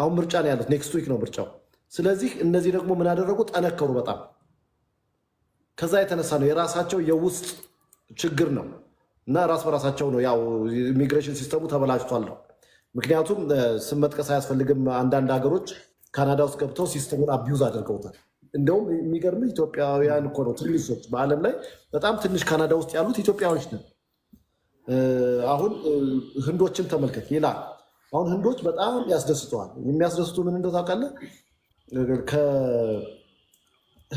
አሁን ምርጫ ነው ያሉት፣ ኔክስት ዊክ ነው ምርጫው። ስለዚህ እነዚህ ደግሞ ምን ያደረጉ ጠነከሩ በጣም ከዛ የተነሳ ነው የራሳቸው የውስጥ ችግር ነው እና ራስ በራሳቸው ነው ያው ኢሚግሬሽን ሲስተሙ ተበላሽቷል ነው። ምክንያቱም ስም መጥቀስ አያስፈልግም። አንዳንድ ሀገሮች ካናዳ ውስጥ ገብተው ሲስተሙን አቢዩዝ አድርገውታል። እንደውም የሚገርም ኢትዮጵያውያን እኮ ነው ትንሾች፣ በዓለም ላይ በጣም ትንሽ ካናዳ ውስጥ ያሉት ኢትዮጵያዎች ነን። አሁን ህንዶችን ተመልከት ይላል አሁን ህንዶች በጣም ያስደስተዋል። የሚያስደስቱ ምን እንደው ታውቃለህ?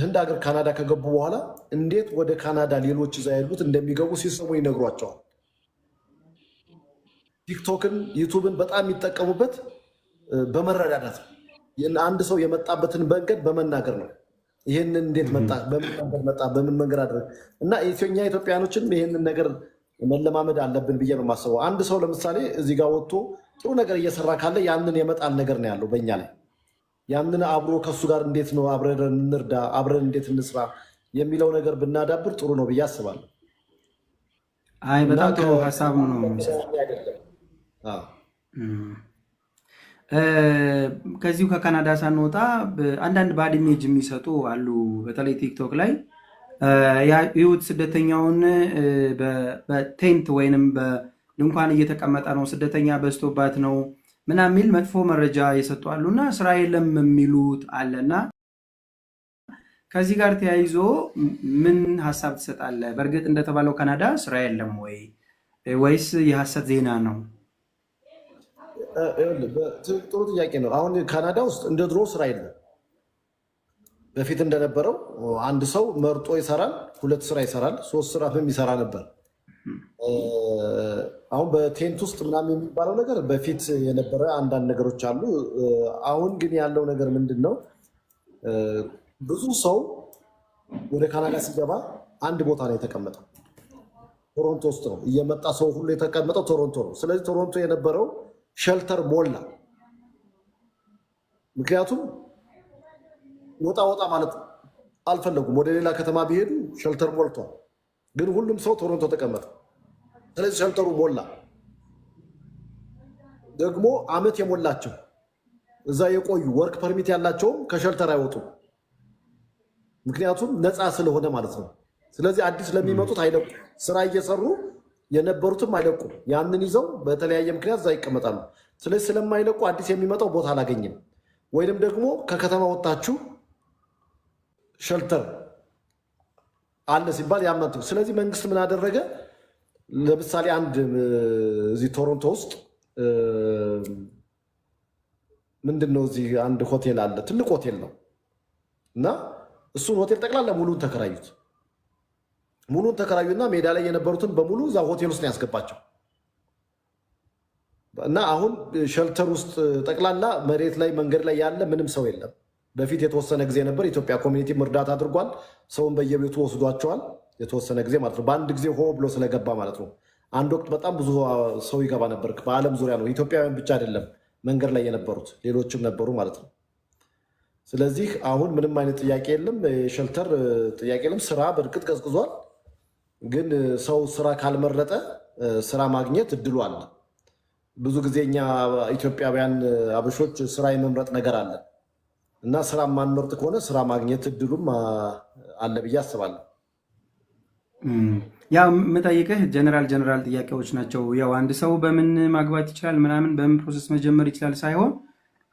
ህንድ ሀገር ካናዳ ከገቡ በኋላ እንዴት ወደ ካናዳ ሌሎች እዛ ያሉት እንደሚገቡ ሲሰሙ ይነግሯቸዋል። ቲክቶክን፣ ዩቱብን በጣም የሚጠቀሙበት በመረዳዳት አንድ ሰው የመጣበትን መንገድ በመናገር ነው። ይህንን እንዴት መጣ፣ በምን መንገድ መጣ፣ በምን መንገድ አድረግ እና የኛ ኢትዮጵያኖችን ይህንን ነገር መለማመድ አለብን ብዬ ነው የማስበው። አንድ ሰው ለምሳሌ እዚህ ጋር ወጥቶ ጥሩ ነገር እየሰራ ካለ ያንን የመጣል ነገር ነው ያለው በእኛ ላይ። ያንን አብሮ ከሱ ጋር እንዴት ነው አብረን እንርዳ፣ አብረን እንዴት እንስራ የሚለው ነገር ብናዳብር ጥሩ ነው ብዬ አስባለሁ። አይ በጣም ጥሩ ሀሳብ ነው። ከዚሁ ከካናዳ ሳንወጣ አንዳንድ ባድ ኢሜጅ የሚሰጡ አሉ፣ በተለይ ቲክቶክ ላይ ይሁት ስደተኛውን በቴንት ወይንም በድንኳን እየተቀመጠ ነው፣ ስደተኛ በዝቶባት ነው ምናምን የሚል መጥፎ መረጃ የሰጡ እና ስራ የለም የሚሉት አለና ከዚህ ጋር ተያይዞ ምን ሀሳብ ትሰጣለህ? በእርግጥ እንደተባለው ካናዳ ስራ የለም ወይ ወይስ የሀሰት ዜና ነው? ጥሩ ጥያቄ ነው። አሁን ካናዳ ውስጥ እንደ ድሮ ስራ የለም በፊት እንደነበረው አንድ ሰው መርጦ ይሰራል፣ ሁለት ስራ ይሰራል፣ ሶስት ስራ ይሰራ ነበር። አሁን በቴንት ውስጥ ምናምን የሚባለው ነገር በፊት የነበረ አንዳንድ ነገሮች አሉ። አሁን ግን ያለው ነገር ምንድን ነው? ብዙ ሰው ወደ ካናዳ ሲገባ አንድ ቦታ ነው የተቀመጠው። ቶሮንቶ ውስጥ ነው እየመጣ ሰው ሁሉ የተቀመጠው ቶሮንቶ ነው። ስለዚህ ቶሮንቶ የነበረው ሸልተር ሞላ። ምክንያቱም ወጣ ወጣ ማለት አልፈለጉም። ወደ ሌላ ከተማ ቢሄዱ ሸልተር ሞልቷል፣ ግን ሁሉም ሰው ቶሮንቶ ተቀመጠ። ስለዚህ ሸልተሩ ሞላ። ደግሞ አመት የሞላቸው እዛ የቆዩ ወርክ ፐርሚት ያላቸውም ከሸልተር አይወጡም፣ ምክንያቱም ነፃ ስለሆነ ማለት ነው። ስለዚህ አዲስ ለሚመጡት አይለቁም፣ ስራ እየሰሩ የነበሩትም አይለቁም። ያንን ይዘው በተለያየ ምክንያት እዛ ይቀመጣሉ። ስለዚህ ስለማይለቁ አዲስ የሚመጣው ቦታ አላገኝም። ወይንም ደግሞ ከከተማ ወጥታችሁ ሸልተር አለ ሲባል ያመጡ። ስለዚህ መንግስት ምን አደረገ? ለምሳሌ አንድ እዚህ ቶሮንቶ ውስጥ ምንድን ነው እዚህ አንድ ሆቴል አለ፣ ትልቅ ሆቴል ነው እና እሱን ሆቴል ጠቅላላ ሙሉን ተከራዩት። ሙሉን ተከራዩና ሜዳ ላይ የነበሩትን በሙሉ እዛ ሆቴል ውስጥ ያስገባቸው እና አሁን ሸልተር ውስጥ ጠቅላላ መሬት ላይ መንገድ ላይ ያለ ምንም ሰው የለም። በፊት የተወሰነ ጊዜ ነበር ኢትዮጵያ ኮሚኒቲም እርዳታ አድርጓል። ሰውን በየቤቱ ወስዷቸዋል። የተወሰነ ጊዜ ማለት ነው። በአንድ ጊዜ ሆ ብሎ ስለገባ ማለት ነው። አንድ ወቅት በጣም ብዙ ሰው ይገባ ነበር። በዓለም ዙሪያ ነው። ኢትዮጵያውያን ብቻ አይደለም መንገድ ላይ የነበሩት ሌሎችም ነበሩ ማለት ነው። ስለዚህ አሁን ምንም አይነት ጥያቄ የለም፣ የሸልተር ጥያቄ የለም። ስራ በእርግጥ ቀዝቅዟል፣ ግን ሰው ስራ ካልመረጠ ስራ ማግኘት እድሉ አለ። ብዙ ጊዜ እኛ ኢትዮጵያውያን አበሾች ስራ የመምረጥ ነገር አለን። እና ስራ ማንመርጥ ከሆነ ስራ ማግኘት እድሉም አለ ብዬ አስባለሁ። ያ የምጠይቅህ ጀነራል ጀነራል ጥያቄዎች ናቸው። ያው አንድ ሰው በምን ማግባት ይችላል ምናምን በምን ፕሮሰስ መጀመር ይችላል ሳይሆን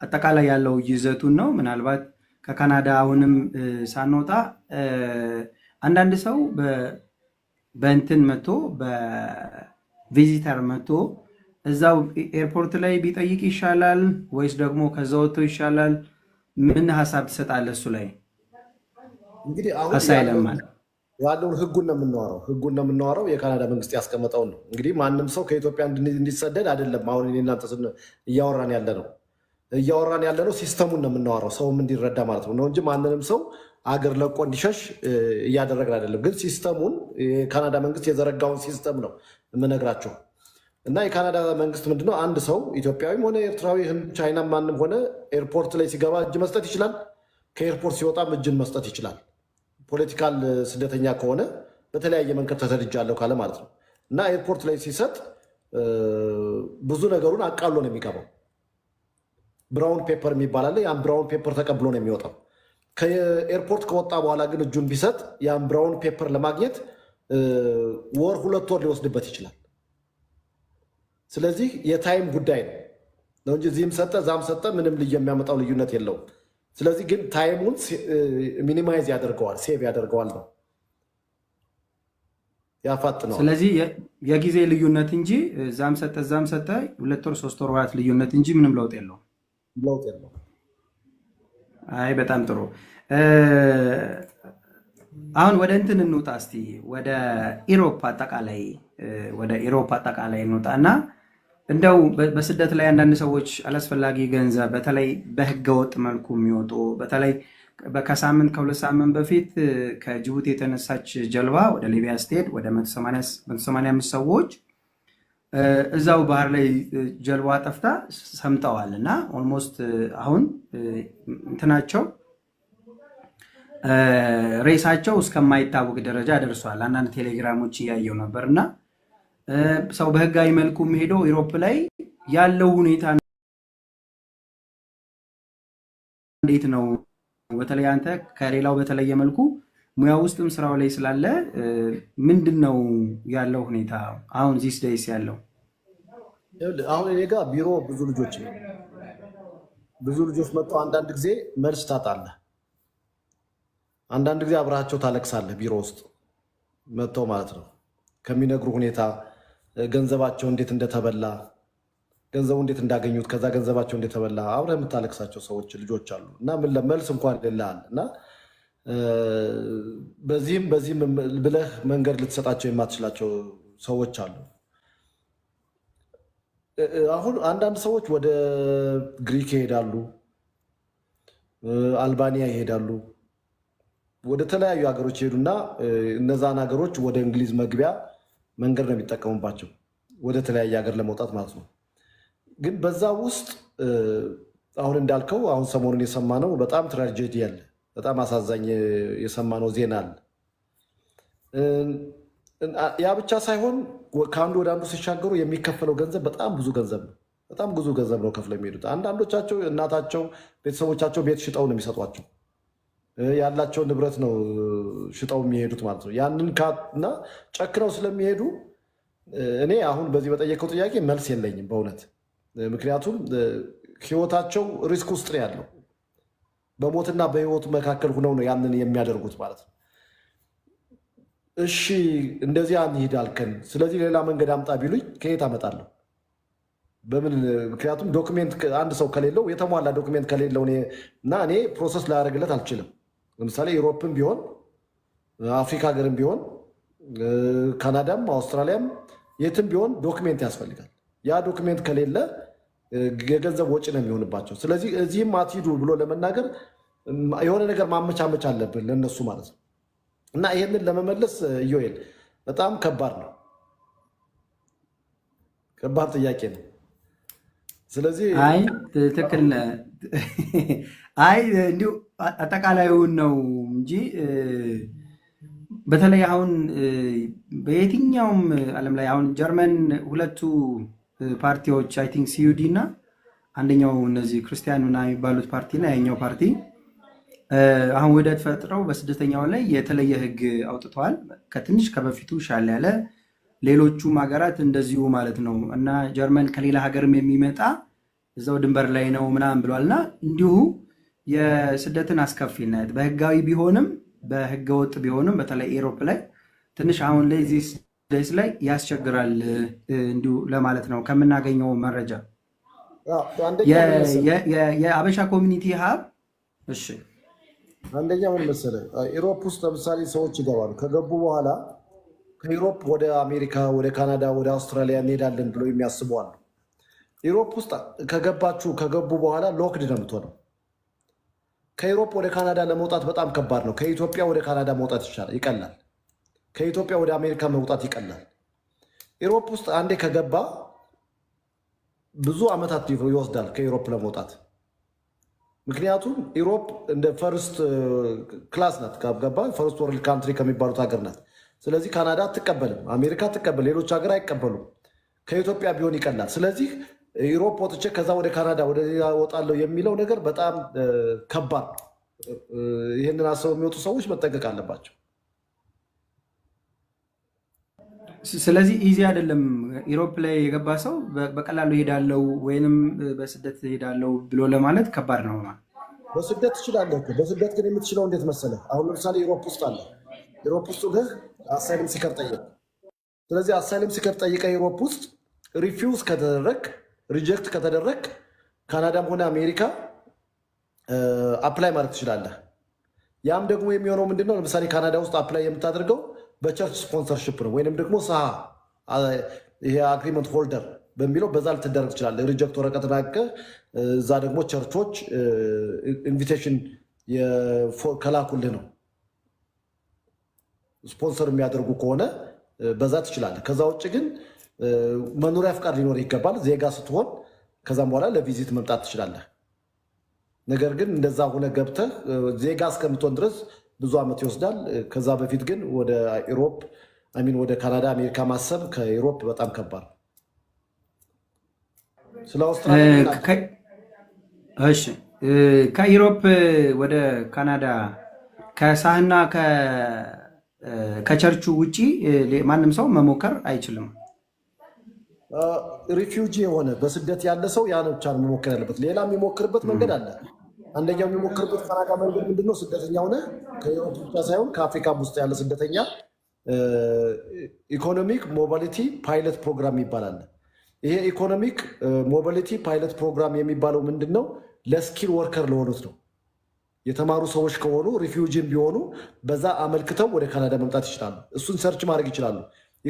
አጠቃላይ ያለው ይዘቱን ነው። ምናልባት ከካናዳ አሁንም ሳንወጣ አንዳንድ ሰው በእንትን መቶ በቪዚተር መቶ እዛው ኤርፖርት ላይ ቢጠይቅ ይሻላል ወይስ ደግሞ ከዛ ወጥቶ ይሻላል? ምን ሀሳብ ትሰጣለህ? እሱ ላይ እንግዲህ አሁን ያለውን ህጉን ነው የምናወራው። ህጉን ነው የምናወራው። የካናዳ መንግስት ያስቀመጠውን ነው። እንግዲህ ማንም ሰው ከኢትዮጵያ እንዲሰደድ አይደለም። አሁን እኔ እናንተ እያወራን ያለ ነው እያወራን ያለ ነው ሲስተሙን ነው የምናወራው። ሰውም እንዲረዳ ማለት ነው ነው እንጂ ማንንም ሰው አገር ለቆ እንዲሸሽ እያደረግን አይደለም። ግን ሲስተሙን የካናዳ መንግስት የዘረጋውን ሲስተም ነው የምነግራቸው። እና የካናዳ መንግስት ምንድነው አንድ ሰው ኢትዮጵያዊም ሆነ ኤርትራዊ፣ ህንድ፣ ቻይና ማንም ሆነ ኤርፖርት ላይ ሲገባ እጅ መስጠት ይችላል። ከኤርፖርት ሲወጣም እጅን መስጠት ይችላል። ፖለቲካል ስደተኛ ከሆነ በተለያየ መንገድ ተሰድጃለሁ ካለ ማለት ነው። እና ኤርፖርት ላይ ሲሰጥ ብዙ ነገሩን አቃሎ ነው የሚገባው። ብራውን ፔፐር የሚባል አለ። ያን ብራውን ፔፐር ተቀብሎ ነው የሚወጣው። ከኤርፖርት ከወጣ በኋላ ግን እጁን ቢሰጥ ያን ብራውን ፔፐር ለማግኘት ወር ሁለት ወር ሊወስድበት ይችላል። ስለዚህ የታይም ጉዳይ ነው ነው እንጂ እዚህም ሰጠ እዛም ሰጠ ምንም የሚያመጣው ልዩነት የለውም። ስለዚህ ግን ታይሙን ሚኒማይዝ ያደርገዋል፣ ሴቭ ያደርገዋል ነው ያፋጥነዋል። ስለዚህ የጊዜ ልዩነት እንጂ እዛም ሰጠ እዛም ሰጠ ሁለት ወር ሶስት ወር ወራት ልዩነት እንጂ ምንም ለውጥ የለውም፣ ለውጥ የለውም። አይ በጣም ጥሩ። አሁን ወደ እንትን እንውጣ እስቲ ወደ ኢሮፕ አጠቃላይ ወደ ኢሮፕ አጠቃላይ እንውጣ እና እንደው በስደት ላይ አንዳንድ ሰዎች አላስፈላጊ ገንዘብ በተለይ በህገወጥ መልኩ የሚወጡ በተለይ ከሳምንት ከሁለት ሳምንት በፊት ከጅቡቲ የተነሳች ጀልባ ወደ ሊቢያ ስትሄድ ወደ 185 ሰዎች እዛው ባህር ላይ ጀልባ ጠፍታ ሰምጠዋል እና ኦልሞስት አሁን እንትናቸው ሬሳቸው እስከማይታወቅ ደረጃ ደርሷል። አንዳንድ ቴሌግራሞች እያየው ነበር እና ሰው በህጋዊ መልኩ የሚሄደው ኤሮፕ ላይ ያለው ሁኔታ እንዴት ነው? በተለይ አንተ ከሌላው በተለየ መልኩ ሙያ ውስጥም ስራው ላይ ስላለ ምንድን ነው ያለው ሁኔታ አሁን ዚስ ደይስ ያለው? አሁን እኔ ጋር ቢሮ ብዙ ልጆች ብዙ ልጆች መጥተው አንዳንድ ጊዜ መልስ ታጣለህ፣ አንዳንድ ጊዜ አብረሃቸው ታለቅሳለህ። ቢሮ ውስጥ መጥተው ማለት ነው ከሚነግሩ ሁኔታ ገንዘባቸው እንዴት እንደተበላ ገንዘቡ እንዴት እንዳገኙት ከዛ ገንዘባቸው እንደተበላ አብረ የምታለቅሳቸው ሰዎች ልጆች አሉ እና ምን ለመልስ እንኳን ሌላል እና በዚህም በዚህም ብለህ መንገድ ልትሰጣቸው የማትችላቸው ሰዎች አሉ። አሁን አንዳንድ ሰዎች ወደ ግሪክ ይሄዳሉ፣ አልባኒያ ይሄዳሉ፣ ወደ ተለያዩ ሀገሮች ይሄዱና እነዛን ሀገሮች ወደ እንግሊዝ መግቢያ መንገድ ነው የሚጠቀሙባቸው ወደ ተለያየ ሀገር ለመውጣት ማለት ነው። ግን በዛ ውስጥ አሁን እንዳልከው አሁን ሰሞኑን የሰማነው በጣም ትራጀዲ በጣም አሳዛኝ የሰማነው ዜና አለ። ያ ብቻ ሳይሆን ከአንዱ ወደ አንዱ ሲሻገሩ የሚከፈለው ገንዘብ በጣም ብዙ ገንዘብ ነው። በጣም ብዙ ገንዘብ ነው ከፍለው የሚሄዱት። አንዳንዶቻቸው እናታቸው፣ ቤተሰቦቻቸው ቤት ሽጠው ነው የሚሰጧቸው። ያላቸውን ንብረት ነው ሽጠው የሚሄዱት ማለት ነው። ያንን ካና ጨክነው ስለሚሄዱ እኔ አሁን በዚህ በጠየቀው ጥያቄ መልስ የለኝም በእውነት ምክንያቱም ህይወታቸው ሪስክ ውስጥ ነው ያለው። በሞትና በህይወቱ መካከል ሁነው ነው ያንን የሚያደርጉት ማለት ነው። እሺ እንደዚህ አንሂድ አልከን፣ ስለዚህ ሌላ መንገድ አምጣ ቢሉኝ ከየት አመጣለሁ? በምን ምክንያቱም ዶክሜንት አንድ ሰው ከሌለው የተሟላ ዶክሜንት ከሌለው እና እኔ ፕሮሰስ ላያደርግለት አልችልም። ለምሳሌ ዩሮፕም ቢሆን አፍሪካ ሀገርም ቢሆን ካናዳም አውስትራሊያም የትም ቢሆን ዶክሜንት ያስፈልጋል። ያ ዶክሜንት ከሌለ የገንዘብ ወጪ ነው የሚሆንባቸው። ስለዚህ እዚህም አትሂዱ ብሎ ለመናገር የሆነ ነገር ማመቻመች አለብን ለነሱ ማለት ነው። እና ይህንን ለመመለስ እዮል በጣም ከባድ ነው፣ ከባድ ጥያቄ ነው። ስለዚህ አይ ትክክል አይ እንዲሁ አጠቃላዩን ነው እንጂ በተለይ አሁን በየትኛውም ዓለም ላይ አሁን ጀርመን ሁለቱ ፓርቲዎች አይ ቲንክ ሲዩዲ እና አንደኛው እነዚህ ክርስቲያን ምናምን የሚባሉት ፓርቲ እና ያኛው ፓርቲ አሁን ውህደት ፈጥረው በስደተኛው ላይ የተለየ ሕግ አውጥተዋል። ከትንሽ ከበፊቱ ሻል ያለ ሌሎቹም ሀገራት እንደዚሁ ማለት ነው እና ጀርመን ከሌላ ሀገርም የሚመጣ እዛው ድንበር ላይ ነው ምናምን ብሏል እና እንዲሁ የስደትን አስከፊነት በህጋዊ ቢሆንም በህገወጥ ቢሆንም በተለይ ኤሮፕ ላይ ትንሽ አሁን ላይ እዚህ ስደት ላይ ያስቸግራል እንዲሁ ለማለት ነው ከምናገኘው መረጃ የአበሻ ኮሚኒቲ ሀብ እሺ አንደኛ ምን መሰለህ ኢሮፕ ውስጥ ለምሳሌ ሰዎች ይገባሉ ከገቡ በኋላ ከኢሮፕ ወደ አሜሪካ ወደ ካናዳ ወደ አውስትራሊያ እንሄዳለን ብሎ የሚያስቡ አሉ ኢሮፕ ውስጥ ከገባችሁ ከገቡ በኋላ ሎክድ ነው የምትሆነው ከኢሮፕ ወደ ካናዳ ለመውጣት በጣም ከባድ ነው። ከኢትዮጵያ ወደ ካናዳ መውጣት ይቻላል፣ ይቀላል። ከኢትዮጵያ ወደ አሜሪካ መውጣት ይቀላል። ኢሮፕ ውስጥ አንዴ ከገባ ብዙ ዓመታት ይወስዳል ከኢሮፕ ለመውጣት። ምክንያቱም ኢሮፕ እንደ ፈርስት ክላስ ናት፣ ገባ ፈርስት ወርልድ ካንትሪ ከሚባሉት ሀገር ናት። ስለዚህ ካናዳ አትቀበልም፣ አሜሪካ አትቀበል፣ ሌሎች ሀገር አይቀበሉም። ከኢትዮጵያ ቢሆን ይቀላል። ስለዚህ ዩሮፕ ወጥቼ ከዛ ወደ ካናዳ ወደ ሌላ ወጣለሁ የሚለው ነገር በጣም ከባድ ይህንን አስበው የሚወጡ ሰዎች መጠንቀቅ አለባቸው። ስለዚህ ኢዚ አይደለም። ዩሮፕ ላይ የገባ ሰው በቀላሉ ሄዳለው ወይንም በስደት ሄዳለው ብሎ ለማለት ከባድ ነው። በስደት ትችላለህ። በስደት ግን የምትችለው እንዴት መሰለህ? አሁን ለምሳሌ ዩሮፕ ውስጥ አለ። ዩሮፕ ውስጥ ግህ አሳይልም ሲከር ጠይቀህ፣ ስለዚህ አሳይልም ሲከር ጠይቀ ዩሮፕ ውስጥ ሪፊውዝ ከተደረግ ሪጀክት ከተደረግ ካናዳም ሆነ አሜሪካ አፕላይ ማድረግ ትችላለህ። ያም ደግሞ የሚሆነው ምንድነው ለምሳሌ ካናዳ ውስጥ አፕላይ የምታደርገው በቸርች ስፖንሰርሽፕ ነው ወይንም ደግሞ ሰሃ ይሄ አግሪመንት ሆልደር በሚለው በዛ ልትደረግ ትችላለህ። ሪጀክት ወረቀት ናቀ እዛ ደግሞ ቸርቾች ኢንቪቴሽን ከላኩልህ ነው ስፖንሰር የሚያደርጉ ከሆነ በዛ ትችላለህ። ከዛ ውጭ ግን መኖሪያ ፍቃድ ሊኖር ይገባል። ዜጋ ስትሆን ከዛም በኋላ ለቪዚት መምጣት ትችላለህ። ነገር ግን እንደዛ ሆነ ገብተህ ዜጋ እስከምትሆን ድረስ ብዙ ዓመት ይወስዳል። ከዛ በፊት ግን ወደ ኢሮፕ አሚን ወደ ካናዳ፣ አሜሪካ ማሰብ ከኢሮፕ በጣም ከባድ። ስለ ከኢሮፕ ወደ ካናዳ ከሳህና ከቸርቹ ውጪ ማንም ሰው መሞከር አይችልም። ሪፊውጂ የሆነ በስደት ያለ ሰው ያ ብቻ ነው መሞከር ያለበት። ሌላ የሚሞክርበት መንገድ አለ። አንደኛው የሚሞክርበት ፈራጋ መንገድ ምንድነው? ስደተኛ ሆነ ከህይወት ብቻ ሳይሆን ከአፍሪካ ውስጥ ያለ ስደተኛ ኢኮኖሚክ ሞባሊቲ ፓይለት ፕሮግራም ይባላል። ይሄ ኢኮኖሚክ ሞባሊቲ ፓይለት ፕሮግራም የሚባለው ምንድን ነው? ለስኪል ወርከር ለሆኑት ነው። የተማሩ ሰዎች ከሆኑ ሪፊውጂም ቢሆኑ በዛ አመልክተው ወደ ካናዳ መምጣት ይችላሉ። እሱን ሰርች ማድረግ ይችላሉ።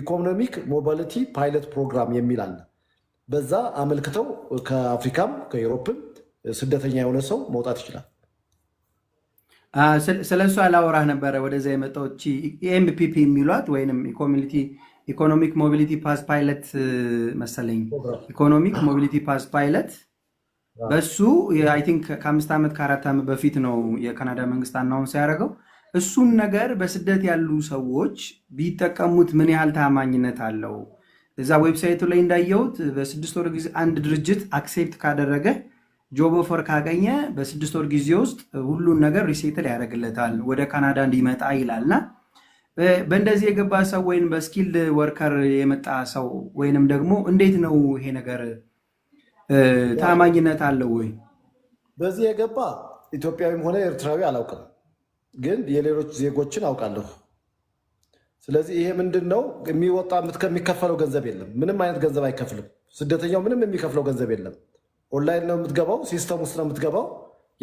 ኢኮኖሚክ ሞባሊቲ ፓይለት ፕሮግራም የሚል አለ። በዛ አመልክተው ከአፍሪካም ከኤሮፕም ስደተኛ የሆነ ሰው መውጣት ይችላል። ስለ እሱ አላወራህ ነበረ። ወደዚያ የመጣዎች ኤምፒፒ የሚሏት ወይም ኢኮኖሚክ ሞቢሊቲ ፓስ ፓይለት መሰለኝ። ኢኮኖሚክ ሞቢሊቲ ፓስ ፓይለት በሱ አይ ቲንክ ከአምስት ዓመት ከአራት ዓመት በፊት ነው የካናዳ መንግስት አናውን ሲያደርገው እሱን ነገር በስደት ያሉ ሰዎች ቢጠቀሙት ምን ያህል ታማኝነት አለው? እዛ ዌብሳይቱ ላይ እንዳየሁት በስድስት ወር ጊዜ አንድ ድርጅት አክሴፕት ካደረገ ጆብ ኦፈር ካገኘ በስድስት ወር ጊዜ ውስጥ ሁሉን ነገር ሪሴትል ያደርግለታል ወደ ካናዳ እንዲመጣ ይላልና በእንደዚህ የገባ ሰው ወይም በስኪልድ ወርከር የመጣ ሰው ወይንም ደግሞ እንዴት ነው ይሄ ነገር ታማኝነት አለው ወይ? በዚህ የገባ ኢትዮጵያዊም ሆነ ኤርትራዊ አላውቅም። ግን የሌሎች ዜጎችን አውቃለሁ። ስለዚህ ይሄ ምንድን ነው የሚወጣ ከሚከፈለው ገንዘብ የለም። ምንም አይነት ገንዘብ አይከፍልም። ስደተኛው ምንም የሚከፍለው ገንዘብ የለም። ኦንላይን ነው የምትገባው፣ ሲስተም ውስጥ ነው የምትገባው።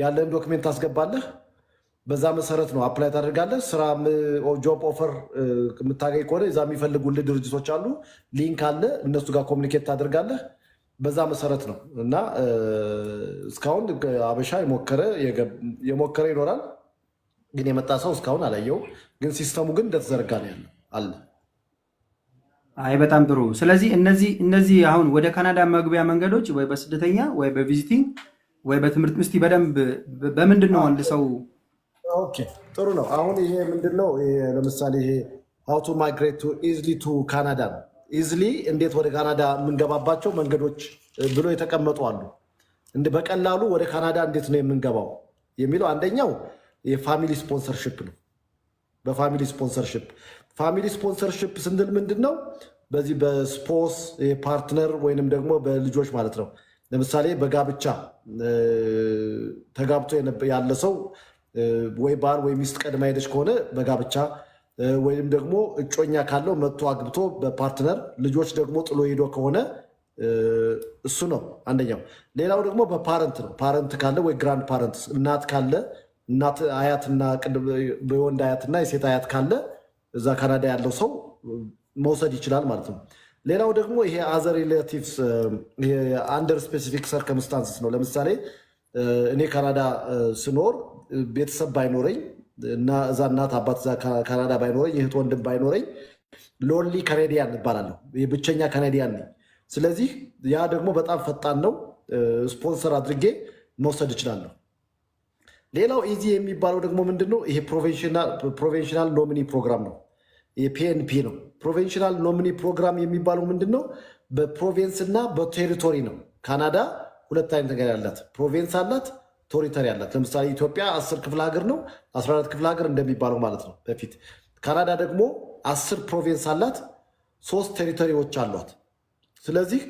ያለን ዶክሜንት ታስገባለህ። በዛ መሰረት ነው አፕላይ ታደርጋለህ። ስራ ጆብ ኦፈር የምታገኝ ከሆነ እዛ የሚፈልጉልህ ድርጅቶች አሉ። ሊንክ አለ። እነሱ ጋር ኮሚኒኬት ታደርጋለህ። በዛ መሰረት ነው እና እስካሁን አበሻ የሞከረ የሞከረ ይኖራል ግን የመጣ ሰው እስካሁን አላየውም። ግን ሲስተሙ ግን እንደተዘረጋ ነው ያለ አለ። አይ በጣም ጥሩ። ስለዚህ እነዚህ እነዚህ አሁን ወደ ካናዳ መግቢያ መንገዶች ወይ በስደተኛ ወይ በቪዚቲንግ ወይ በትምህርት ምስቲ በደንብ በምንድን ነው አንድ ሰው ጥሩ ነው። አሁን ይሄ ምንድን ነው? ለምሳሌ ይሄ ሀው ቱ ማይግሬት ቱ ኢዝሊ ቱ ካናዳ ነው። ኢዝሊ እንዴት ወደ ካናዳ የምንገባባቸው መንገዶች ብሎ የተቀመጡ አሉ። በቀላሉ ወደ ካናዳ እንዴት ነው የምንገባው የሚለው አንደኛው የፋሚሊ ስፖንሰርሽፕ ነው። በፋሚሊ ስፖንሰርሽፕ ፋሚሊ ስፖንሰርሽፕ ስንል ምንድን ነው? በዚህ በስፖስ ፓርትነር ወይንም ደግሞ በልጆች ማለት ነው። ለምሳሌ በጋብቻ ተጋብቶ ያለ ሰው ወይ ባል ወይ ሚስት ቀድማ ሄደች ከሆነ በጋብቻ ወይም ደግሞ እጮኛ ካለው መጥቶ አግብቶ በፓርትነር ልጆች ደግሞ ጥሎ ሄዶ ከሆነ እሱ ነው አንደኛው። ሌላው ደግሞ በፓረንት ነው። ፓረንት ካለ ወይ ግራንድ ፓረንት እናት ካለ እናት አያትና የወንድ አያትና የሴት አያት ካለ እዛ ካናዳ ያለው ሰው መውሰድ ይችላል ማለት ነው። ሌላው ደግሞ ይሄ አዘር ሪሌቲቭስ አንደር ስፔሲፊክ ሰርከምስታንስስ ነው። ለምሳሌ እኔ ካናዳ ስኖር ቤተሰብ ባይኖረኝ እና እዛ እናት አባት እዛ ካናዳ ባይኖረኝ እህት ወንድም ባይኖረኝ ሎንሊ ካናዲያን እባላለሁ። የብቸኛ ካናዲያን ነኝ። ስለዚህ ያ ደግሞ በጣም ፈጣን ነው። ስፖንሰር አድርጌ መውሰድ እችላለሁ። ሌላው ኢዚ የሚባለው ደግሞ ምንድን ነው? ይሄ ፕሮቬንሽናል ኖሚኒ ፕሮግራም ነው፣ የፒኤንፒ ነው። ፕሮቬንሽናል ኖሚኒ ፕሮግራም የሚባለው ምንድን ነው? በፕሮቬንስ እና በቴሪቶሪ ነው። ካናዳ ሁለት አይነት ነገር ያላት ፕሮቬንስ አላት፣ ቶሪተሪ አላት። ለምሳሌ ኢትዮጵያ አስር ክፍለ ሀገር ነው፣ 14 ክፍለ ሀገር እንደሚባለው ማለት ነው በፊት። ካናዳ ደግሞ አስር ፕሮቬንስ አላት፣ ሶስት ቴሪቶሪዎች አሏት። ስለዚህ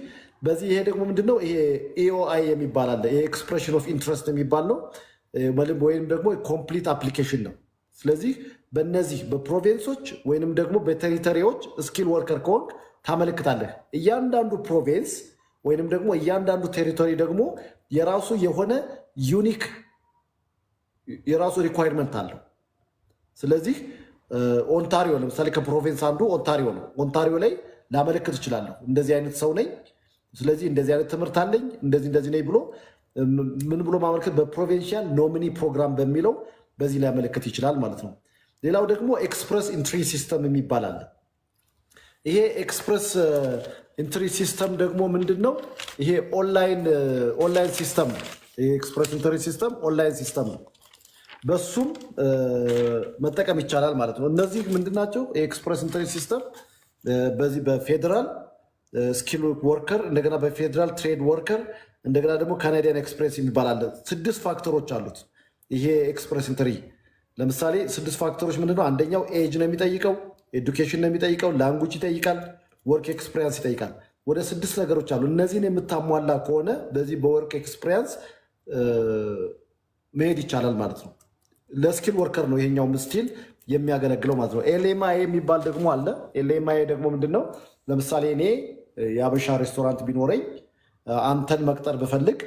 በዚህ ይሄ ደግሞ ምንድነው? ይሄ ኤኦአይ የሚባል አለ፣ ኤክስፕሬሽን ኦፍ ኢንትረስት የሚባል ነው ወይም ደግሞ ኮምፕሊት አፕሊኬሽን ነው። ስለዚህ በእነዚህ በፕሮቬንሶች ወይንም ደግሞ በቴሪተሪዎች ስኪል ወርከር ከሆንክ ታመለክታለህ። እያንዳንዱ ፕሮቬንስ ወይንም ደግሞ እያንዳንዱ ቴሪቶሪ ደግሞ የራሱ የሆነ ዩኒክ የራሱ ሪኳይርመንት አለው። ስለዚህ ኦንታሪዮ ለምሳሌ ከፕሮቬንስ አንዱ ኦንታሪዮ ነው። ኦንታሪዮ ላይ ላመለክት እችላለሁ፣ እንደዚህ አይነት ሰው ነኝ፣ ስለዚህ እንደዚህ አይነት ትምህርት አለኝ፣ እንደዚህ እንደዚህ ነኝ ብሎ ምን ብሎ ማመልከት በፕሮቪንሺያል ኖሚኒ ፕሮግራም በሚለው በዚህ ሊያመለክት ይችላል ማለት ነው። ሌላው ደግሞ ኤክስፕረስ ኢንትሪ ሲስተም የሚባል አለ። ይሄ ኤክስፕረስ ኢንትሪ ሲስተም ደግሞ ምንድን ነው? ይሄ ኦንላይን ሲስተም ነው። ኤክስፕረስ ኢንትሪ ሲስተም ኦንላይን ሲስተም ነው። በሱም መጠቀም ይቻላል ማለት ነው። እነዚህ ምንድን ናቸው? የኤክስፕረስ ኢንትሪ ሲስተም በዚህ በፌዴራል ስኪል ወርከር እንደገና በፌዴራል ትሬድ ወርከር እንደገና ደግሞ ካናዲያን ኤክስፕሬስ የሚባል አለ። ስድስት ፋክተሮች አሉት ይሄ ኤክስፕሬስ ኢንትሪ። ለምሳሌ ስድስት ፋክተሮች ምንድነው? አንደኛው ኤጅ ነው የሚጠይቀው፣ ኤዱኬሽን ነው የሚጠይቀው፣ ላንጉጅ ይጠይቃል፣ ወርክ ኤክስፕሪያንስ ይጠይቃል። ወደ ስድስት ነገሮች አሉ። እነዚህን የምታሟላ ከሆነ በዚህ በወርክ ኤክስፕሪያንስ መሄድ ይቻላል ማለት ነው። ለስኪል ወርከር ነው ይሄኛው ምስቲል የሚያገለግለው ማለት ነው። ኤልኤምአይ የሚባል ደግሞ አለ። ኤልኤምአይ ደግሞ ምንድን ነው? ለምሳሌ እኔ የአበሻ ሬስቶራንት ቢኖረኝ አንተን መቅጠር ብፈልግ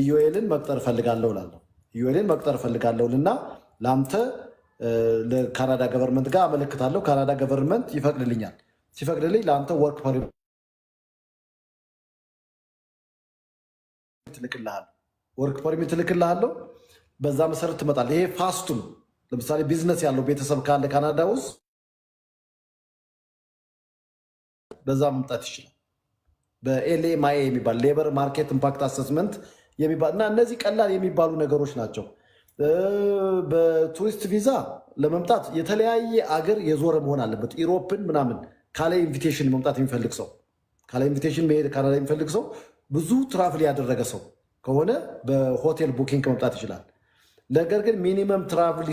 ኢዮኤልን መቅጠር እፈልጋለሁ እላለሁ። ኢዮኤልን መቅጠር እፈልጋለሁ እና ለአንተ ለካናዳ ገቨርንመንት ጋር አመለክታለሁ። ካናዳ ገቨርንመንት ይፈቅድልኛል። ሲፈቅድልኝ ለአንተ ወርክ ፐርሚት እልክልሃለሁ። ወርክ ፐርሚት እልክልሃለሁ። በዛ መሰረት ትመጣለህ። ይሄ ፋስቱ ነው። ለምሳሌ ቢዝነስ ያለው ቤተሰብ ካለ ካናዳ ውስጥ በዛ መምጣት ይችላል። በኤልኤ የሚባል ሌበር ማርኬት ኢምፓክት አሰስመንት የሚባል እና እነዚህ ቀላል የሚባሉ ነገሮች ናቸው። በቱሪስት ቪዛ ለመምጣት የተለያየ አገር የዞረ መሆን አለበት። ኢሮፕን ምናምን ካለ ኢንቪቴሽን መምጣት የሚፈልግ ሰው ካለ ኢንቪቴሽን መሄድ ካናዳ የሚፈልግ ሰው ብዙ ትራፍል ያደረገ ሰው ከሆነ በሆቴል ቡኪንግ መምጣት ይችላል። ነገር ግን ሚኒመም ትራቭል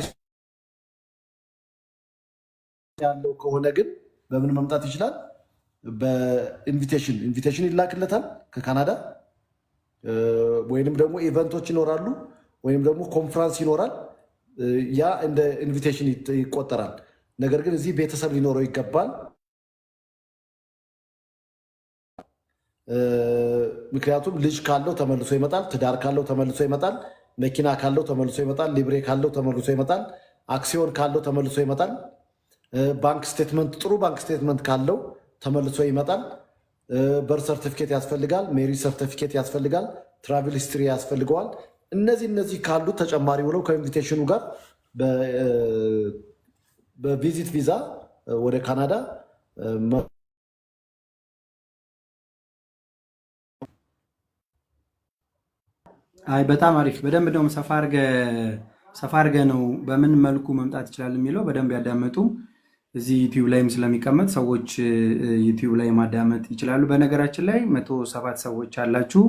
ያለው ከሆነ ግን በምን መምጣት ይችላል? በኢንቪቴሽን ኢንቪቴሽን ይላክለታል ከካናዳ ወይንም ደግሞ ኢቨንቶች ይኖራሉ ወይም ደግሞ ኮንፍራንስ ይኖራል። ያ እንደ ኢንቪቴሽን ይቆጠራል። ነገር ግን እዚህ ቤተሰብ ሊኖረው ይገባል። ምክንያቱም ልጅ ካለው ተመልሶ ይመጣል፣ ትዳር ካለው ተመልሶ ይመጣል፣ መኪና ካለው ተመልሶ ይመጣል፣ ሊብሬ ካለው ተመልሶ ይመጣል፣ አክሲዮን ካለው ተመልሶ ይመጣል፣ ባንክ ስቴትመንት ጥሩ ባንክ ስቴትመንት ካለው ተመልሶ ይመጣል። በር ሰርቲፊኬት ያስፈልጋል፣ ሜሪ ሰርቲፊኬት ያስፈልጋል፣ ትራቭል ሂስትሪ ያስፈልገዋል። እነዚህ እነዚህ ካሉት ተጨማሪ ብለው ከኢንቪቴሽኑ ጋር በቪዚት ቪዛ ወደ ካናዳ አይ በጣም አሪፍ በደንብ እንደውም ሰፋ አድርገህ ነው በምን መልኩ መምጣት ይችላል የሚለው በደንብ ያዳመጡ እዚህ ዩቲዩብ ላይም ስለሚቀመጥ ሰዎች ዩቲዩብ ላይ ማዳመጥ ይችላሉ። በነገራችን ላይ መቶ ሰባት ሰዎች አላችሁ።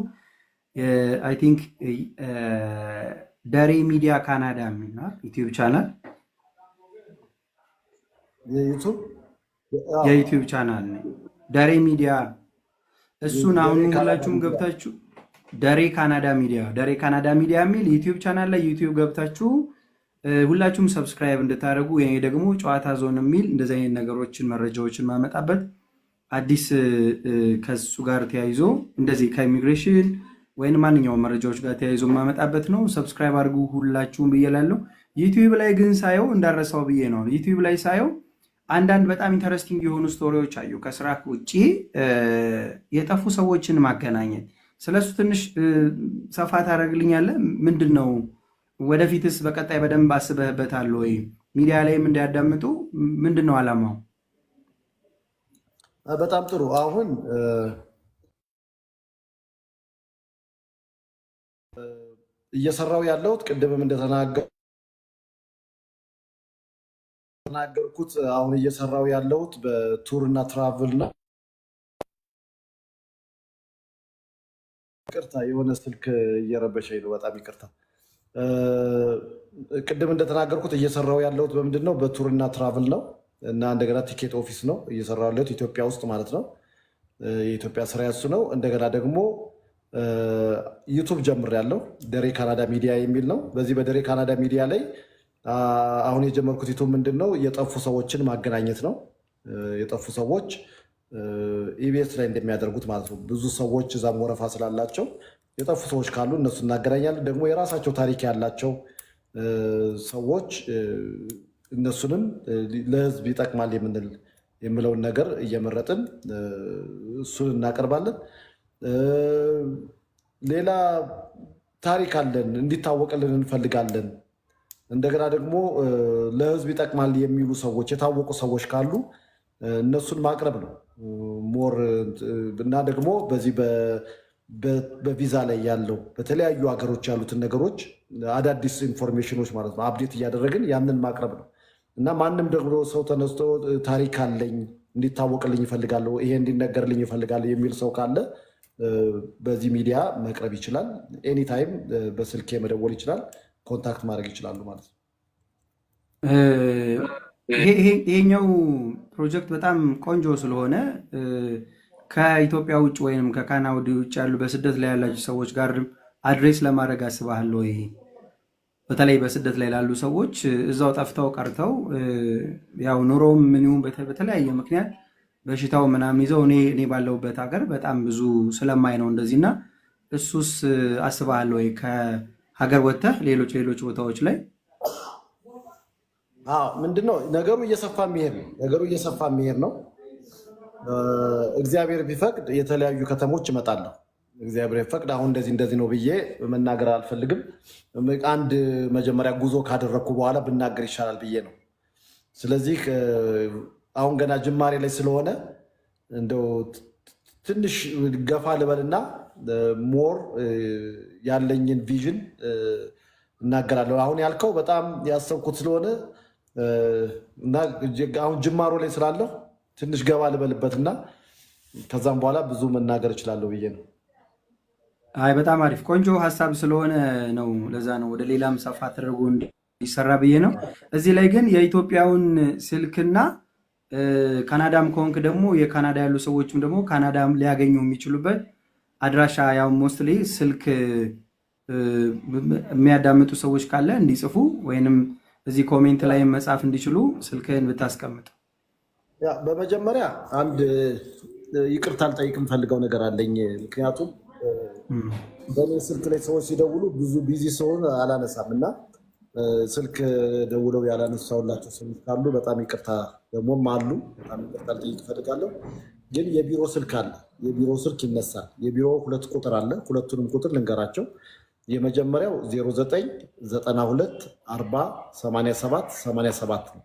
አይ ቲንክ ደሬ ሚዲያ ካናዳ የሚባል ዩቲዩብ ቻናል የዩቲዩብ ቻናል ነው። ደሬ ሚዲያ እሱን አሁን ሁላችሁም ገብታችሁ ደሬ ካናዳ ሚዲያ ደሬ ካናዳ ሚዲያ የሚል ዩቲዩብ ቻናል ላይ ዩቲዩብ ገብታችሁ ሁላችሁም ሰብስክራይብ እንድታደርጉ ይሄ ደግሞ ጨዋታ ዞን የሚል እንደዚህ አይነት ነገሮችን መረጃዎችን ማመጣበት አዲስ ከሱ ጋር ተያይዞ እንደዚህ ከኢሚግሬሽን ወይም ማንኛውም መረጃዎች ጋር ተያይዞ ማመጣበት ነው። ሰብስክራይብ አድርጉ ሁላችሁም ብዬ ላለሁ። ዩቲዩብ ላይ ግን ሳየው እንዳረሳው ብዬ ነው። ዩቲዩብ ላይ ሳየው አንዳንድ በጣም ኢንተረስቲንግ የሆኑ ስቶሪዎች አዩ። ከስራ ውጭ የጠፉ ሰዎችን ማገናኘት ስለሱ ትንሽ ሰፋ ታደርግልኛለህ ምንድን ነው? ወደፊትስ በቀጣይ በደንብ አስበህበታል ወይ? ሚዲያ ላይም እንዳያዳምጡ ምንድን ነው አላማው? በጣም ጥሩ። አሁን እየሰራው ያለሁት ቅድምም እንደተናገርኩት አሁን እየሰራው ያለሁት በቱር እና ትራቭል ነው። ይቅርታ፣ የሆነ ስልክ እየረበሸኝ ነው። በጣም ይቅርታ። ቅድም እንደተናገርኩት እየሰራው ያለሁት በምንድን ነው? በቱርና ትራቭል ነው እና እንደገና ቲኬት ኦፊስ ነው እየሰራው ያለሁት ኢትዮጵያ ውስጥ ማለት ነው። የኢትዮጵያ ስራ ያሱ ነው። እንደገና ደግሞ ዩቱብ ጀምር ያለው ደሬ ካናዳ ሚዲያ የሚል ነው። በዚህ በደሬ ካናዳ ሚዲያ ላይ አሁን የጀመርኩት ዩቱብ ምንድን ነው? የጠፉ ሰዎችን ማገናኘት ነው። የጠፉ ሰዎች ኢቢኤስ ላይ እንደሚያደርጉት ማለት ነው። ብዙ ሰዎች እዛም ወረፋ ስላላቸው የጠፉ ሰዎች ካሉ እነሱ እናገናኛለን። ደግሞ የራሳቸው ታሪክ ያላቸው ሰዎች እነሱንም ለህዝብ ይጠቅማል የምንል የምለውን ነገር እየመረጥን እሱን እናቀርባለን። ሌላ ታሪክ አለን እንዲታወቅልን እንፈልጋለን። እንደገና ደግሞ ለህዝብ ይጠቅማል የሚሉ ሰዎች የታወቁ ሰዎች ካሉ እነሱን ማቅረብ ነው ሞር እና ደግሞ በዚህ በቪዛ ላይ ያለው በተለያዩ ሀገሮች ያሉትን ነገሮች አዳዲስ ኢንፎርሜሽኖች ማለት ነው አብዴት እያደረግን ያንን ማቅረብ ነው እና ማንም ደግሞ ሰው ተነስቶ ታሪክ አለኝ እንዲታወቅልኝ ይፈልጋለሁ፣ ይሄ እንዲነገርልኝ ይፈልጋለሁ የሚል ሰው ካለ በዚህ ሚዲያ መቅረብ ይችላል። ኤኒታይም በስልኬ መደወል ይችላል፣ ኮንታክት ማድረግ ይችላሉ ማለት ነው። ይሄኛው ፕሮጀክት በጣም ቆንጆ ስለሆነ ከኢትዮጵያ ውጭ ወይም ከካናዳ ውጭ ያሉ በስደት ላይ ያላችሁ ሰዎች ጋር አድሬስ ለማድረግ አስበሃል ወይ? በተለይ በስደት ላይ ላሉ ሰዎች እዛው ጠፍተው ቀርተው ያው ኑሮውም ምን ይሁን በተለያየ ምክንያት በሽታው ምናምን ይዘው እኔ እኔ ባለሁበት ሀገር በጣም ብዙ ስለማይ ነው እንደዚህ እና እሱስ አስበሃል ወይ? ከሀገር ወጥተህ ሌሎች ሌሎች ቦታዎች ላይ ምንድነው ነገሩ እየሰፋ የሚሄድ ነው ነገሩ እየሰፋ የሚሄድ ነው እግዚአብሔር ቢፈቅድ የተለያዩ ከተሞች እመጣለሁ። እግዚአብሔር ፈቅድ አሁን እንደዚህ እንደዚህ ነው ብዬ መናገር አልፈልግም። አንድ መጀመሪያ ጉዞ ካደረግኩ በኋላ ብናገር ይሻላል ብዬ ነው። ስለዚህ አሁን ገና ጅማሬ ላይ ስለሆነ እንደው ትንሽ ገፋ ልበልና ሞር ያለኝን ቪዥን እናገራለሁ። አሁን ያልከው በጣም ያሰብኩት ስለሆነ እና አሁን ጅማሮ ላይ ስላለሁ ትንሽ ገባ ልበልበትና ከዛም በኋላ ብዙ መናገር እችላለሁ ብዬ ነው። አይ በጣም አሪፍ ቆንጆ ሀሳብ ስለሆነ ነው። ለዛ ነው ወደ ሌላም ሰፋ ተደርጎ እንዲሰራ ብዬ ነው። እዚህ ላይ ግን የኢትዮጵያውን ስልክና ካናዳም ከሆንክ ደግሞ የካናዳ ያሉ ሰዎችም ደግሞ ካናዳ ሊያገኙ የሚችሉበት አድራሻ ያው ሞስትሊ ስልክ የሚያዳምጡ ሰዎች ካለ እንዲጽፉ ወይንም እዚህ ኮሜንት ላይ መጻፍ እንዲችሉ ስልክህን ብታስቀምጥ በመጀመሪያ አንድ ይቅርታ ልጠይቅ የምፈልገው ነገር አለኝ። ምክንያቱም በእኔ ስልክ ላይ ሰዎች ሲደውሉ ብዙ ቢዚ ሰውን አላነሳም እና ስልክ ደውለው ያላነሳውላቸው ሰዎች ካሉ በጣም ይቅርታ ደግሞም አሉ፣ በጣም ይቅርታ ልጠይቅ እፈልጋለሁ። ግን የቢሮ ስልክ አለ፣ የቢሮ ስልክ ይነሳል። የቢሮ ሁለት ቁጥር አለ። ሁለቱንም ቁጥር ልንገራቸው። የመጀመሪያው 0992 40 87 87 ነው።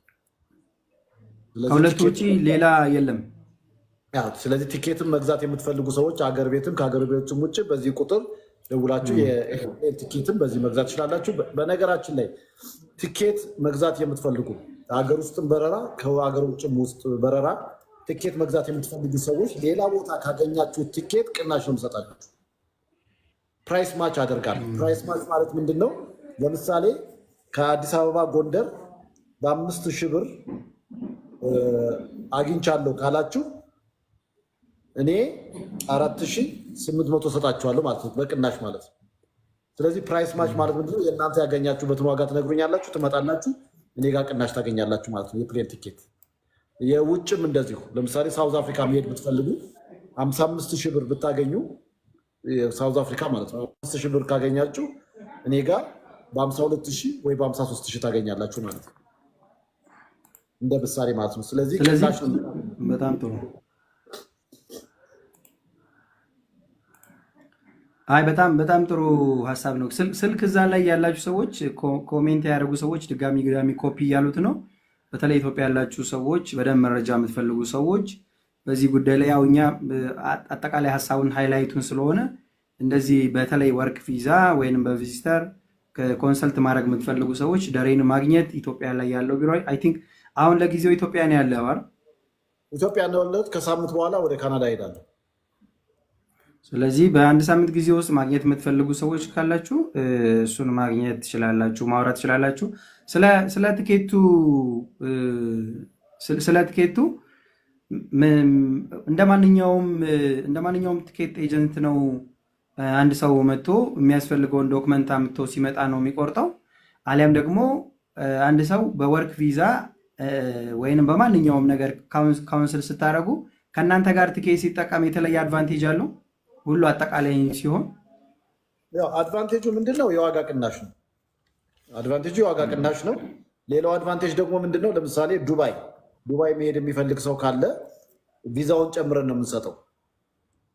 ከሁለቱ ውጭ ሌላ የለም። ስለዚህ ቲኬትም መግዛት የምትፈልጉ ሰዎች አገር ቤትም ከአገር ቤቶችም ውጭ በዚህ ቁጥር ደውላችሁ ቲኬትም በዚህ መግዛት ትችላላችሁ። በነገራችን ላይ ቲኬት መግዛት የምትፈልጉ ሀገር ውስጥም በረራ ከሀገር ውጭም ውስጥ በረራ ቲኬት መግዛት የምትፈልጉ ሰዎች ሌላ ቦታ ካገኛችሁ ቲኬት ቅናሽ ነው የምሰጣችሁ። ፕራይስ ማች አደርጋል። ፕራይስ ማች ማለት ምንድን ነው? ለምሳሌ ከአዲስ አበባ ጎንደር በአምስት ሺህ ብር አግኝቻለሁ ካላችሁ እኔ አራት ሺህ ስምንት መቶ ሰጣችኋለሁ ማለት ነው፣ በቅናሽ ማለት ነው። ስለዚህ ፕራይስ ማች ማለት ምንድን የእናንተ ያገኛችሁበትን ዋጋ ትነግሩኛላችሁ፣ ትመጣላችሁ፣ እኔ ጋር ቅናሽ ታገኛላችሁ ማለት ነው። የፕሌን ቲኬት የውጭም እንደዚሁ። ለምሳሌ ሳውዝ አፍሪካ መሄድ ብትፈልጉ ሀምሳ አምስት ሺህ ብር ብታገኙ ሳውዝ አፍሪካ ማለት ነው። አምስት ሺህ ብር ካገኛችሁ እኔ ጋር በሀምሳ ሁለት ሺህ ወይ በሀምሳ ሶስት ሺህ ታገኛላችሁ ማለት ነው። እንደ ምሳሌ ማለት ነው። ስለዚህ በጣም ጥሩ። አይ በጣም በጣም ጥሩ ሀሳብ ነው። ስልክ እዛ ላይ ያላችሁ ሰዎች ኮሜንት ያደረጉ ሰዎች ድጋሚ ግዳሚ ኮፒ እያሉት ነው። በተለይ ኢትዮጵያ ያላችሁ ሰዎች በደንብ መረጃ የምትፈልጉ ሰዎች በዚህ ጉዳይ ላይ ያው እኛ አጠቃላይ ሀሳቡን ሃይላይቱን ስለሆነ እንደዚህ በተለይ ወርክ ቪዛ ወይም በቪዚተር ኮንሰልት ማድረግ የምትፈልጉ ሰዎች ደሬን ማግኘት ኢትዮጵያ ላይ ያለው ቢሮ አይ ቲንክ አሁን ለጊዜው ኢትዮጵያ ነው ያለ አማር ኢትዮጵያ እንደወለድ ከሳምንት በኋላ ወደ ካናዳ ሄዳለሁ። ስለዚህ በአንድ ሳምንት ጊዜ ውስጥ ማግኘት የምትፈልጉ ሰዎች ካላችሁ እሱን ማግኘት ትችላላችሁ፣ ማውራት ትችላላችሁ። ስለ ትኬቱ እንደ ማንኛውም ትኬት ኤጀንት ነው። አንድ ሰው መጥቶ የሚያስፈልገውን ዶክመንት አምጥቶ ሲመጣ ነው የሚቆርጠው። አሊያም ደግሞ አንድ ሰው በወርክ ቪዛ ወይንም በማንኛውም ነገር ካውንስል ስታደርጉ ከእናንተ ጋር ትኬ ሲጠቀም የተለየ አድቫንቴጅ አለው? ሁሉ አጠቃላይ ሲሆን አድቫንቴጁ ምንድን ነው? የዋጋ ቅናሽ ነው። አድቫንቴጁ የዋጋ ቅናሽ ነው። ሌላው አድቫንቴጅ ደግሞ ምንድን ነው? ለምሳሌ ዱባይ ዱባይ መሄድ የሚፈልግ ሰው ካለ ቪዛውን ጨምረን ነው የምንሰጠው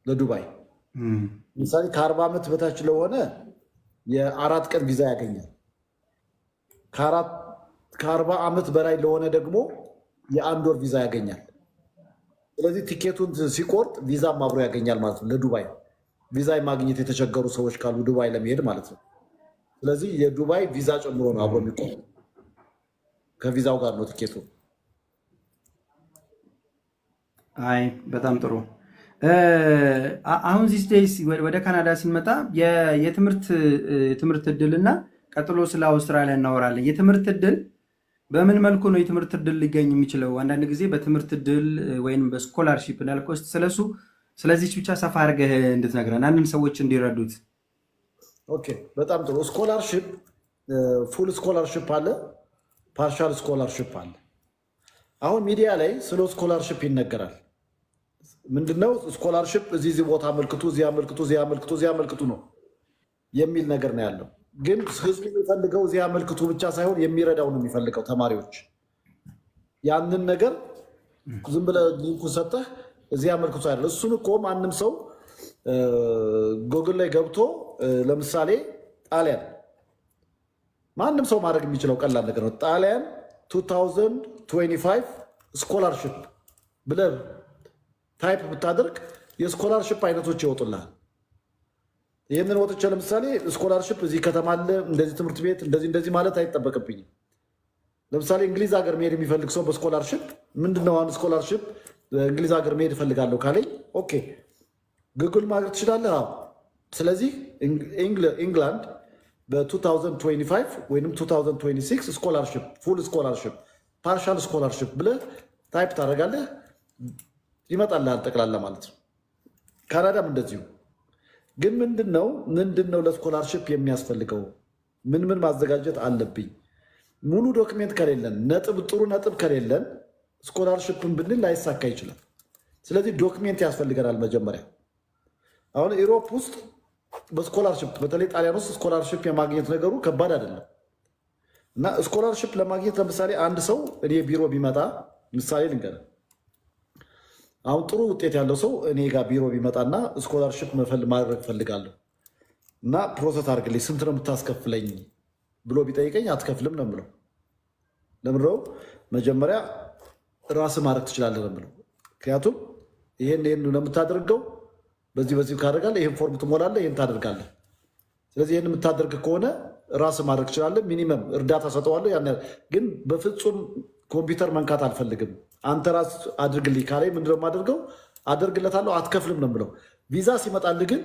ለዱባይ ለምሳሌ ከአርባ ዓመት በታች ለሆነ የአራት ቀን ቪዛ ያገኛል። ከአራት ከአርባ ዓመት በላይ ለሆነ ደግሞ የአንድ ወር ቪዛ ያገኛል። ስለዚህ ቲኬቱን ሲቆርጥ ቪዛም አብሮ ያገኛል ማለት ነው። ለዱባይ ቪዛ ማግኘት የተቸገሩ ሰዎች ካሉ ዱባይ ለመሄድ ማለት ነው። ስለዚህ የዱባይ ቪዛ ጨምሮ ነው አብሮ የሚቆርጥ ከቪዛው ጋር ነው ቲኬቱ። አይ በጣም ጥሩ። አሁን ዚስ ዴይስ ወደ ካናዳ ስንመጣ የትምህርት እና ቀጥሎ ስለ አውስትራሊያ እናወራለን። የትምህርት እድል በምን መልኩ ነው የትምህርት እድል ሊገኝ የሚችለው? አንዳንድ ጊዜ በትምህርት እድል ወይም በስኮላርሺፕ እንዳልከው ስለሱ ስለዚች ብቻ ሰፋ አድርገህ እንድትነግረን አንድም ሰዎች እንዲረዱት። ኦኬ በጣም ጥሩ። ስኮላርሺፕ ፉል ስኮላርሺፕ አለ፣ ፓርሻል ስኮላርሺፕ አለ። አሁን ሚዲያ ላይ ስለ ስኮላርሺፕ ይነገራል። ምንድነው ስኮላርሺፕ? እዚህ ቦታ አመልክቱ፣ እዚህ አመልክቱ፣ እዚህ አመልክቱ፣ እዚህ አመልክቱ ነው የሚል ነገር ነው ያለው ግን ህዝቡ የሚፈልገው እዚያ መልክቱ ብቻ ሳይሆን የሚረዳው ነው የሚፈልገው። ተማሪዎች ያንን ነገር ዝም ብለህ ሊንኩን ሰጠህ እዚያ መልክቱ አይደለ። እሱን እኮ ማንም ሰው ጎግል ላይ ገብቶ ለምሳሌ ጣሊያን ማንም ሰው ማድረግ የሚችለው ቀላል ነገር ነው። ጣሊያን 2025 ስኮላርሽፕ ብለህ ታይፕ ብታደርግ የስኮላርሽፕ አይነቶች ይወጡልሃል። ይህንን ወጥቼ ለምሳሌ ስኮላርሽፕ እዚህ ከተማ አለ፣ እንደዚህ ትምህርት ቤት እንደዚህ እንደዚህ ማለት አይጠበቅብኝም። ለምሳሌ እንግሊዝ ሀገር መሄድ የሚፈልግ ሰው በስኮላርሽፕ ምንድነው አሁን ስኮላርሽፕ እንግሊዝ ሀገር መሄድ እፈልጋለሁ ካለኝ ኦኬ ግግል ማድረግ ትችላለህ። ስለዚህ ኢንግላንድ በ2025 ወይም 2026 ስኮላርሽፕ ፉል ስኮላርሽፕ ፓርሻል ስኮላርሽፕ ብለህ ታይፕ ታደርጋለህ፣ ይመጣልሃል ጠቅላላ ማለት ነው። ካናዳም እንደዚሁ ግን ምንድን ነው ምንድን ነው ለስኮላርሽፕ የሚያስፈልገው ምን ምን ማዘጋጀት አለብኝ? ሙሉ ዶክሜንት ከሌለን ነጥብ ጥሩ ነጥብ ከሌለን ስኮላርሽፕን ብንል ላይሳካ ይችላል። ስለዚህ ዶክሜንት ያስፈልገናል መጀመሪያ። አሁን ኢሮፕ ውስጥ በስኮላርሽፕ በተለይ ጣሊያን ውስጥ ስኮላርሽፕ የማግኘት ነገሩ ከባድ አይደለም እና ስኮላርሽፕ ለማግኘት ለምሳሌ አንድ ሰው እኔ ቢሮ ቢመጣ ምሳሌ ልንገርህ አሁን ጥሩ ውጤት ያለው ሰው እኔ ጋር ቢሮ ቢመጣና ስኮላርሽፕ መፈል ማድረግ ፈልጋለሁ እና ፕሮሰስ አድርግልኝ ስንት ነው የምታስከፍለኝ ብሎ ቢጠይቀኝ አትከፍልም ነው ምለው። ለምንድነው መጀመሪያ ራስ ማድረግ ትችላለህ ነው ምለው። ምክንያቱም ይህን ይህን ነው በዚህ በዚህ ካደርጋለ ይህን ፎርም ትሞላለ ይህን ታደርጋለ። ስለዚህ ይህን የምታደርግ ከሆነ ራስ ማድረግ ትችላለ። ሚኒመም እርዳታ ሰጠዋለሁ። ያን ግን በፍጹም ኮምፒውተር መንካት አልፈልግም አንተ ራስ አድርግልኝ ካላይ ምንድን ነው የማደርገው? አደርግለታለሁ። አትከፍልም ነው ብለው ቪዛ ሲመጣልህ ግን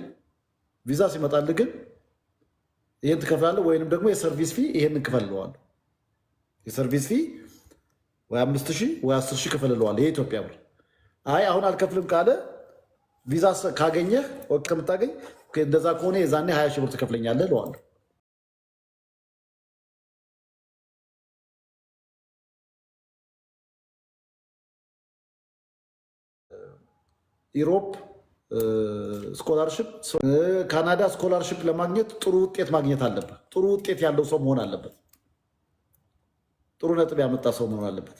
ቪዛ ሲመጣልህ ግን ይህን ትከፍላለህ፣ ወይንም ደግሞ የሰርቪስ ፊ ይህን ክፈልለዋለሁ። የሰርቪስ ፊ ወይ አምስት ሺህ ወይ አስር ሺህ ክፈልለዋለሁ የኢትዮጵያ ብር። አይ አሁን አልከፍልም ካለ ቪዛ ካገኘህ ከምታገኝ እንደዛ ከሆነ የዛኔ ሀያ ሺህ ብር ትከፍለኛለህ እለዋለሁ። ኢሮፕ ስኮላርሽፕ፣ ካናዳ ስኮላርሽፕ ለማግኘት ጥሩ ውጤት ማግኘት አለበት። ጥሩ ውጤት ያለው ሰው መሆን አለበት። ጥሩ ነጥብ ያመጣ ሰው መሆን አለበት።